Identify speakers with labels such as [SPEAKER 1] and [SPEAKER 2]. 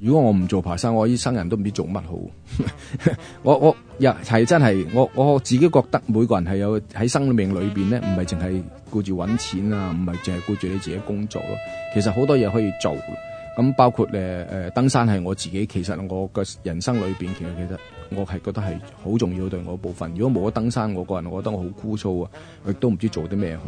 [SPEAKER 1] 如果我唔做爬山，我啲生人都唔知做乜好。 我我又係真係我我自己覺得每個人係有喺生命裏邊咧，唔係淨係顧住搵錢啊，唔係淨係顧住你自己工作咯。其實好多嘢可以做，咁包括誒誒、呃、登山係我自己。其實我嘅人生裏邊，其實其實我係覺得係好重要對我部分。如果冇咗登山，我個人我覺得我好枯燥啊，我亦都唔知做啲咩好。